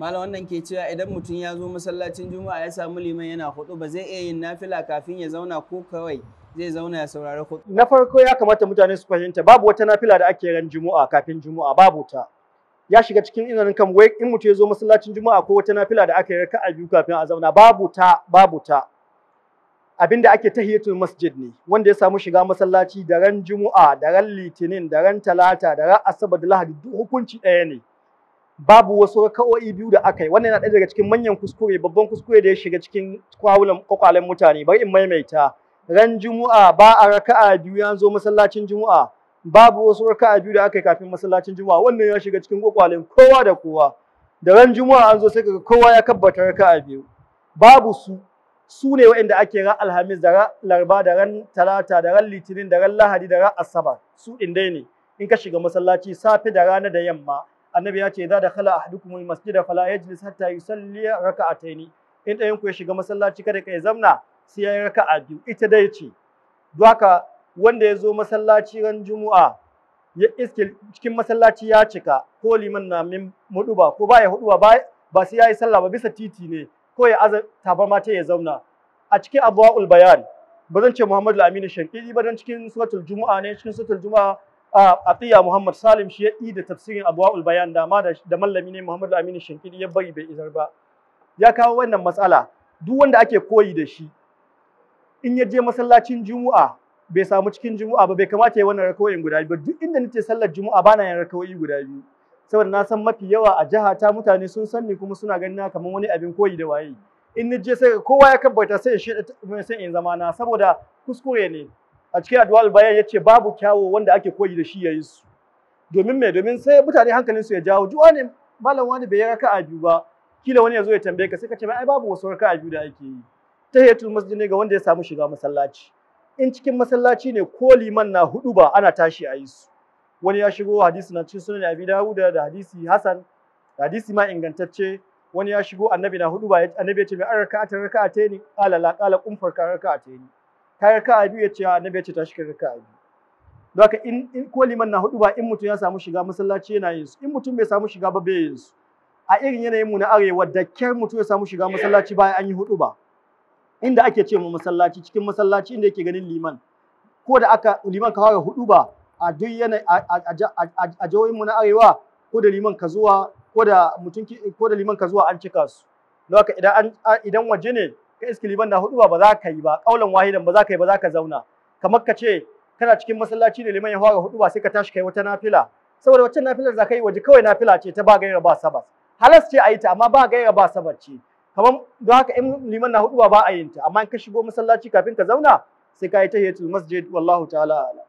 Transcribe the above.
mala wannan ke cewa idan mutum ya zo masallacin Juma'a ya samu liman yana hudu ba zai iya yin nafila kafin ya zauna ko kawai zai zauna ya saurari hudu. Na farko ya kamata mutane su fahimta babu wata nafila da ake ran Juma'a kafin Juma'a babu ta. Ya shiga cikin inanin kan wai in mutum ya zo masallacin Juma'a ko wata nafila da aka yi a biyu kafin a zauna babu ta babu ta. Abin da ake tahiyatul masjid ne wanda ya samu shiga masallaci da ran Juma'a da ran Litinin da ran Talata da ran Asabar da Lahadi duk hukunci ɗaya ne. babu wasu raka'o'i biyu da aka yi wannan yana ɗaya daga cikin manyan kuskure babban kuskure da ya shiga cikin kwawulan kwakwalen mutane bari in maimaita ran juma'a ba a raka'a biyu ya zo masallacin juma'a babu wasu raka'a biyu da aka yi kafin masallacin juma'a wannan ya shiga cikin kwakwalen kowa da kowa da ran juma'a an zo sai kaga kowa ya kabbata raka'a biyu babu su su ne waɗanda ake ran alhamis da ran larba da ran talata da ran litinin da ran lahadi da ran asabar su ɗin dai ne in ka shiga masallaci safe da rana da yamma annabi ya ce za idza dakhala ahadukum da fala yajlis hatta yusalli taini. in ɗayan ku ya shiga masallaci kada kai zamna sai ya raka raka'a biyu ita dai ce don haka wanda ya zo masallaci ran juma'a ya iske cikin masallaci ya cika ko liman na min muduba ko ba ya ba ba sai ya yi sallah ba bisa titi ne ko ya azar tabama mata ya zauna a cikin abwaul bayan ba zan ce Muhammadu Aminu Shankidi ba dan cikin suratul Juma'a ne cikin suratul Juma'a Atiya Muhammad Salim shi ya yi da tafsirin abwa'ul Bayan da ma da mallami ne Muhammad Aminu Shinkiri, ya bari bai izar ba. Ya kawo wannan matsala duk wanda ake koyi da shi in ya je masallacin Juma'a bai samu cikin Juma'a ba bai kamata ya wannan rakawoyin guda biyu ba duk inda nake sallar Juma'a bana yin rakawoyi guda biyu saboda na san mafi yawa a jiha ta mutane sun san ni kuma suna ganin kamar wani abin koyi da waye in ni je sai kowa ya kabbata sai ya shi sai in zama na saboda kuskure ne a cikin adwal bayan ya ce babu kyawo wanda ake koyi da shi ya yi su domin mai domin sai mutane hankalin su ya jawo juwa ne malam wani bai raka a biyu ba kila wani ya zo ya tambaye ka sai ka ce ai babu wasu raka a biyu da ake yi Ta tahiyatul masjid ne ga wanda ya samu shiga masallaci in cikin masallaci ne ko liman na hudu ba ana tashi a yi su wani ya shigo hadisi na cikin sunan abi dawuda da hadisi hasan da hadisi ma ingantacce wani ya shigo annabi na hudu ba annabi ya ce mai an raka'atayn qala la qala qum farka raka'atayn Ka raka'a biyu ya ce ah, annabi ya ce tashi kai ka'abi. biyu haka in ko liman na hudu ba in mutum ya samu shiga masallaci yana yin su in mutum bai samu shiga ba bai yin su a irin yanayin mu na arewa da kyar mutum ya samu shiga masallaci bayan an yi hudu ba inda ake ce mu masallaci cikin masallaci inda yake ganin liman ko da aka liman ka fara hudu ba a duk yana a jawoyin mu na arewa ko da liman ka zuwa ko da mutum ko da liman ka zuwa an cika su don haka idan idan waje ne ka iske liman na hudu ba za ka yi ba kaulan wahidan ba za ka yi ba za ka zauna kamar ka ce kana cikin masallaci da liman ya ga hudu ba sai ka tashi kai wata nafila saboda wacce nafilar za ka yi waje kawai nafila ce ta ba gaira ba sabat halas ce a yi ta amma ba gaira ba sabar ce kamar don haka in liman na hudu ba ba a yin ta amma in ka shigo masallaci kafin ka zauna sai ka yi ta tahiyatul masjid wallahu ta'ala